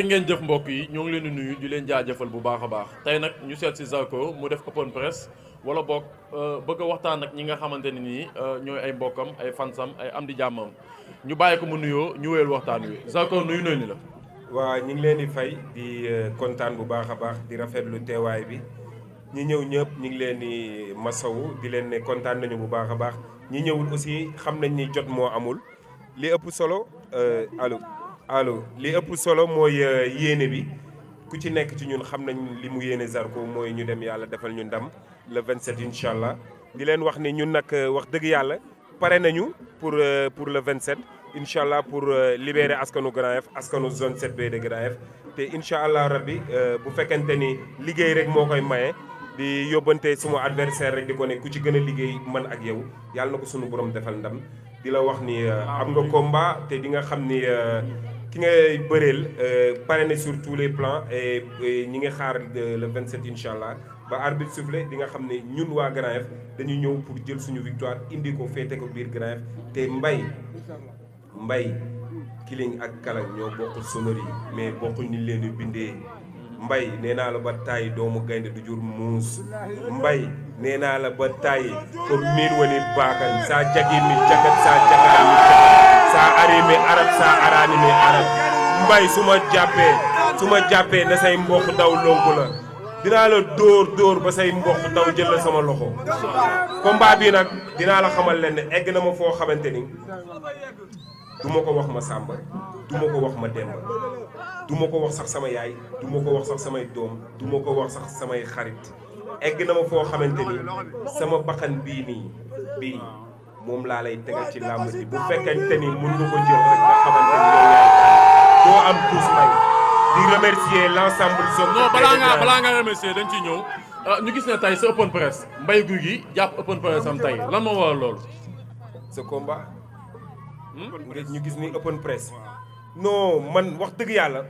jërë ngeen jëf mbokk yi ñoo ngi leen di nuyu di leen jaajafal bu baax a baax tey nag ñu seet si Zarko mu def open press wala boog euh, bëgg a waxtaan ak ñi nga xamante ne nii euh, ñooy ay mbokkam ay fansam ay am di jàmmam ñu bàyyi ko mu nuyoo ñu wéyal waxtaan wi Zarko nuyu nañu la. waa ñu ngi leen di fay di euh, kontaan bu baax a baax di rafetlu teewaay bi ñi ñëw ñëpp ñu ngi leen di masawu di leen ne kontaan nañu bu baax a baax ñi ñëwul aussi xam nañ ni jot moo amul li ëpp solo allo. allo li ëpp solo mooy euh, yéene bi ku ci nekk ci ñun xam nañ li mu yéene Zarko mooy ñu dem yàlla defal ñu ndam le 27 incha allah di leen wax ni ñu nag euh, wax dëgg yàlla pare nañu pour euh, pour le 27 incha allah pour libérer askanu Grand askanu zone 7B de Grand te incha allah rabbi bu fekkente ni liggéey rek moo koy maye. di yóbbante suma adversaire rek di ko ne ku ci gën a liggéey man ak yow yàlla na ko sunu borom defal ndam di la wax ni am nga combat te di nga xam ni ki ngay bëreel euh, pare na sur tous les plans et ñi ngi xaar euh, le 27 incha allah ba arbitre soufflé di nga xam ne ñun waa Grand Yoff dañuy ñëw pour jël suñu victoire indi ko féete ko biir Grand Yoff te mbay mbay Killing ak Kala ñoo bokkul sonori mais bokkuñ ni leen di bindee mbay nee naa la ba tàyyi doomu gaynde du jur muus mbay nee naa la ba tàyyi ko miin wanit baakan saa jagi mi jagat saa jagaar arab saa araami arab mbay su ma jàppee su ma jàppee ne say mboq daw lonku la dinaa la dóor dóor ba say mboq daw jël la sama loxo combat bii nag dinaa la xamal leen ne egg na ma foo xamante ni du ma ko wax ma sàmba du ma ko wax ma demba du ma ko wax sax sama yaay du ma ko wax sax samay doom du ma ko wax sax samay xarit egg na ma foo xamante ni sama bakkan bii nii bii moom laa lay tegal ci làmb ji bu fekkente ni mën nga ko jël rek nga xamante ni am tuus may di remercier l'ensemble zone. non balaa ngaa balaa ngaa remercier dañ ciy ñëw ah, ñu gis ne tey sa open press Mbaye Gouy Gui jàpp open press am tey lan moo waral loolu. sa combat. Hmm? ñu gis ni open press. non man wax dëgg yàlla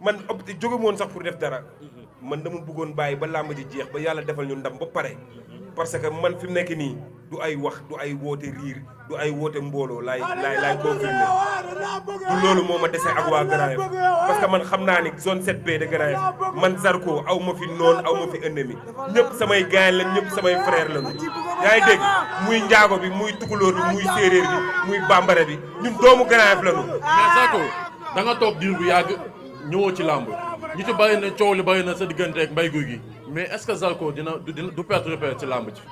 man jóge woon sax pour def dara. Mhm. man dama bëggoon bàyyi ba làmb ji jeex ba yàlla defal ñu ndam ba pare. Mhm. parce que man fi mu nekk nii. du ay wax du ay woote riir du ay woote mbooloo laay laay laay confirmé du loolu moo ma dese ak waa Grand Yoff parce que man xam naa ni zone 7B de Grand Yoff man Zarko aw ma fi noon aw ma fi ennemi ñëpp samay gaañ lañ ñëpp samay frère lañu yaa ngi dégg muy njaago bi muy tukulóor bi muy séeréer bi muy bambara bi ñun doomu Grand Yoff lañu mais Zarko da nga toog diir bu yàgg ñëwoo ci làmb ñi ci bari na coow li bari na sa diggante ak mbay guy gi mais est-ce dina du perte repère ci làmb ci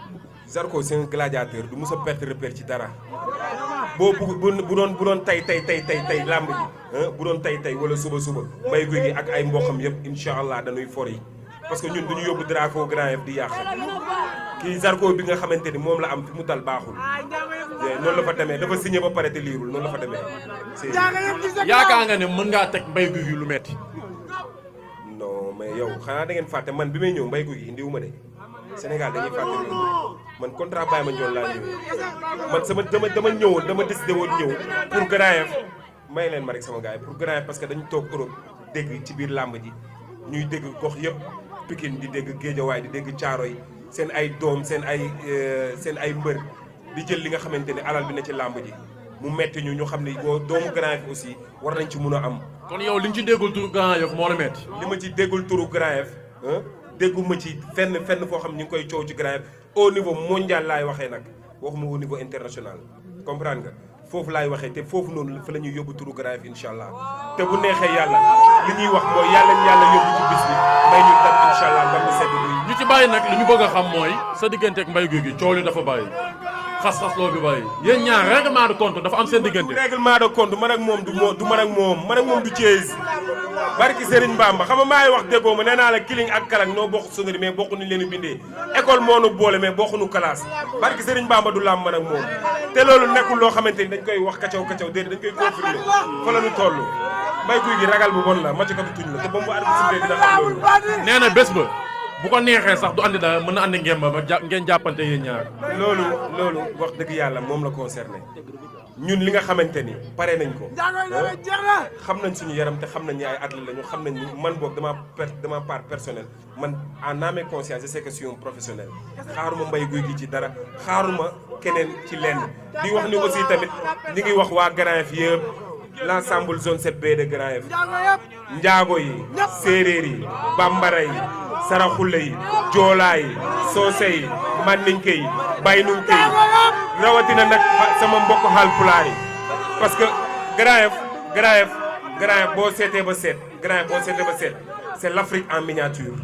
Zarko c'est un gladiateur du mës a perte ci dara boo bu bu doon bu doon tey tey tey tey tey làmb ji bu doon tey tey wala suba suba mbay guy gi ak ay mboqam yëpp incha allah dañuy for yi parce que ñun duñu yóbbu drapeau grand F di yàq kii Zarko bi nga xamante ni moom la am fi mu dal baaxul eh, noonu la fa demee dafa signé ba pare te liirul noonu la fa demee. yaakaar nga ne mën ngaa teg mbay guy gi lu metti non mais yow xanaa da ngeen fàtte man bi may ñëw mbay guy gi indiwu ma de Sénégal dañuy fàtte man contrat Baye Mandione laa ñëw man sama dama dama ñëwoon dama décidé woon ñëw pour Grand Yoff may leen ma rek sama gars yi pour Grand Yoff parce que dañu toog Europe dégg ci biir làmb ji ñuy dégg gox yëpp Pikine di dégg Géejawaay di dégg Caaroy seen ay doom seen ay euh, seen ay mbër di jël li nga xamante ne alal bi na ci làmb ji mu metti ñu ñu xam ne boo doomu Grand Yoff aussi war nañ ci mun a am. kon yow li nga ci déggul turu Grand Yoff moo la metti ma ci déggul turu Grand Yoff déggu ci fenn fenn foo xam ñu ngi koy coow ci Grand Yoff au niveau mondial laay waxee nag waxuma au niveau international comprendre nga foofu laay waxee te foofu noonu fa la ñuy yóbbu turu Grand Yoff allah te bu neexee yàlla li ñuy wax mooy yàlla ñu yàlla yóbbu ci bis bi may ñu tam incha allah ba mu ñu ci bàyyi nag li ñu bëgg a xam mooy sa digganteeg mbay guy gi coow li dafa bàyyi. xas-xas loo bi bëri yéen ñaar règlement de compte dafa am seen diggante. règlement de compte man ak moom du moo du man ak moom man ak moom du Thiès barki Serigne Bamba xam nga maay wax déggoo ma nee naa la kiling ak kalak noo bokk sungari mais bokk nuñ leen bindee école moo nu boole mais bokk nu classe barki Serigne Bamba du laam man ak moom te loolu nekkul loo xamante ni dañ koy wax kacaw kacaw déedéet dañ koy confirmer fa la ñu toll mbay guy gi ragal bu bon la maccokatu tuñ la te ba mu arbitre dina xam loolu nee na bu ko neexee sax du ànd dara mën na andi ngeen ba ba ngeen jàppante yéen ñaar. loolu loolu wax dëgg yàlla moom la concerné ñun li nga xamante ni pare nañ ko. xam nañ suñu yaram te xam nañ ay ay la lañu xam nañ ni man boobu dama per dama part personnel man en âme et conscience je sais que je suis un professionnel. xaaruma mbay guy gii ci dara xaaruma keneen ci lenn di wax ni aussi tamit li ngi wax waa Grand fi yëpp. l'ensemble zone 7B de Grand Yoff njaago yi séeréer yi bambara saraxule yi joolaa yi soose yi mànninke yi baynunke yi rawatina nag sama mbokk haalpulaar yi parce que Grand Yoff Grand Yoff boo seetee ba seet Grand boo seetee ba seet c'est l'Afrique en miniature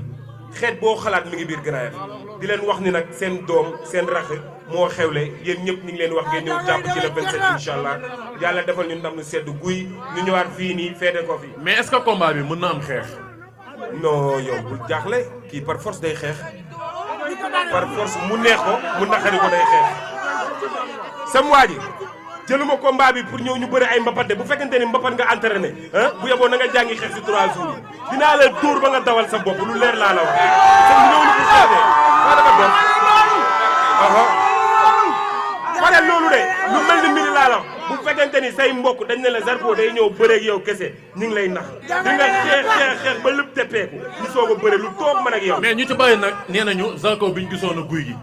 xeet boo xalaat mi ngi biir Grand Yoff di leen wax ni nag seen doom seen rax moo xewle yéen ñëpp ñu ngi leen wax ngeen ñëw jàpp ci le 27 incha allah yàlla defal ñu ndam nu sedd guy ñu ñëwaat fii nii feete ko fi. mais est-ce bi mën na am xeex. non yow bu bul jaaxle kii par force day xeex par force mu neex ko mu naqari ko day xeex sam waa ji jëluma combat bi pour ñëw ñu bëri ay mbapat de bu fekkente ni mbapat nga entraîné ah bu yeboo na nga jàngi xeex si trois jours dinaa la dóor ba nga dawal sa bopp lu leer laa la wax sam ñëw ñu ko xeexee waa dafa doon aha loolu de lu mel ni mbiri laa bu fekkente ni say mbokk dañ ne la Zarko day ñëw bëreeg yow kese ñu ngi lay nax di nga xeex xeex xeex ba lépp teppeeku ñu soog a bëre lu toog mën ak yow. mais ñu ci bàyyi nag nee nañu Zarko bi ñu gisoon guy gi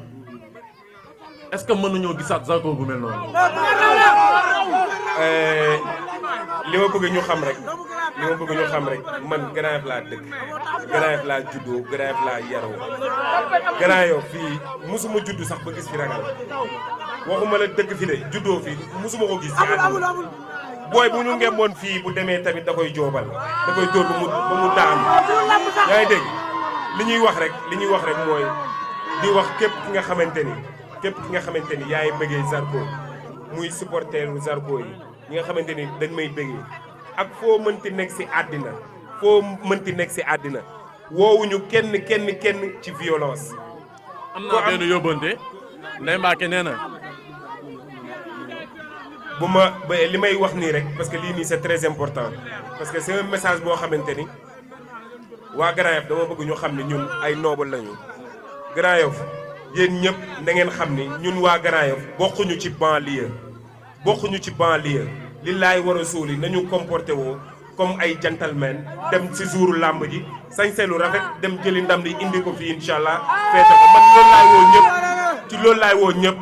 est-ce que mën nañoo gisaat Zarko bu mel noonu. Euh, li ma bëgg ñu xam rek li ma bëgg ñu xam rek man Grand laa dëkk Grand laa juddoo Grand Yoff laa yaroo Grand Yoff fii mosuma juddu sax ba gis fi ragal. waxuma la dëkk fi de juddoo fi musuma ko gis. amul amul booy bu ñu ngemboon fii bu demee tamit da koy joobal da koy dóor ba mu mu daanu. yaa ngi dégg li ñuy wax rek li ñuy wax rek mooy di wax képp ki nga xamante ni képp ki nga xamante ni yaay bëggee Zarko muy supporteru Zarko yi ñi nga xamante ni dañ may bëggee ak foo mënti nekk si àddina foo mënti nekk si àddina woowuñu kenn kenn kenn ci violence. am naa benn yóbbante Ndeye Mbacke na. bu ma li may wax nii rek parce que lii nii c'est très important parce que c'est message boo xamante ni waa Grand Yoff dama bëgg ñu xam ne ñun ay noble lañu Grand Yoff yéen ñëpp na ngeen xam ni ñun waa Grand Yoff bokkuñu ci banlieue bokkuñu ci banlieue li laay war a suuli nañu comporté woo comme ay gentleman dem si jouru làmb ji sañse lu rafet dem jëli ndam li indi ko fii incha allah feete woo ñëpp ci loolu laay woo ñëpp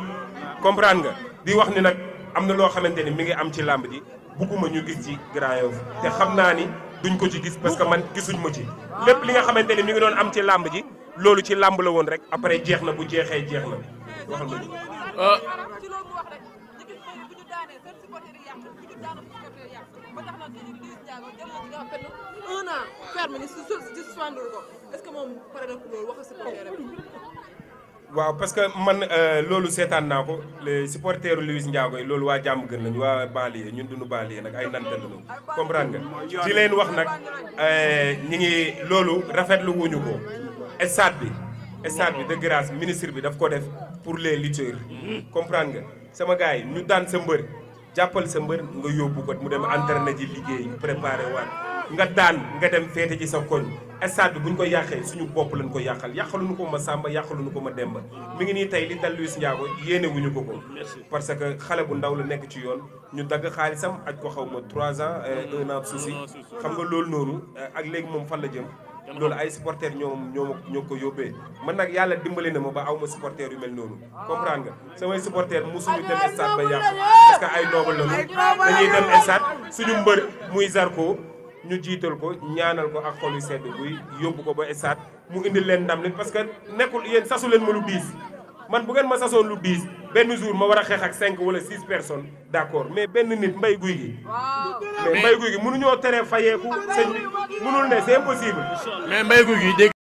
comprendre nga di wax ni nag am na loo xamante ni mi ngi am ci làmb ji bugguma ñu gis ci Grand te xam naa ni duñ ko ci gis parce que man gisuñ ma ci lépp li nga xamante ni mi ngi doon am ci làmb ji loolu ci làmb la woon rek après jeex na bu jeexee jeex na waxal ma ñu. waaw parce que man euh, loolu seetaan naa ko les supporteurs Luis Ndiago yi loolu waa jàmm gën lañu waa banlieue ñun baal yi nag ay nante lañu comprendre nga di leen wax nag euh, ñi ngi loolu rafetlu wuñu ko stade bi stade bi de grâce ministre bi daf ko def pour les lutteurs comprendre nga sama gars yi ñu daan sa mbër jàppal sa mbër nga yóbbu ko mu dem entraîné ji liggéey préparé waat nga daan nga dem feete ci sa koñ stade bi bu ñu ko yàqee suñu bopp lañ ko yàqal yàqaluñu ko ma Samba yàqaluñu ko ma Demba mi ngi nii tey li dal Luis Ndiago yéene wuñu ko ko parce que xale bu ndaw la nekk ci yoon ñu dagg xaalisam aj ko xaw ma trois ans euh, mm-hmm. un an souci xam nga loolu noonu euh, ak léegi moom fan la jëm loolu ay supporter ñoom ñoo ñoo ko yóbbee man nag yàlla dimbali na ma ba awma supporter yu mel noonu comprendre nga samay supporter musuñu dem stade ba yàq parce que ay noble lañu dañuy dem stade suñu mbër muy ñu jiital ko ñaanal ko ak xol yu sedd buy yóbbu ko ba stade mu indil leen ndam li parce que nekkul yéen sasu leen ma lu diis man bu ma sasoon lu diis benn jour ma war a xeex ak cinq wala six personnes d' accord mais benn nit mbay guy gi. mais mbay guy gi mënuñoo tere fayeeku sëñ bi mënul ne c' est mbay guy gi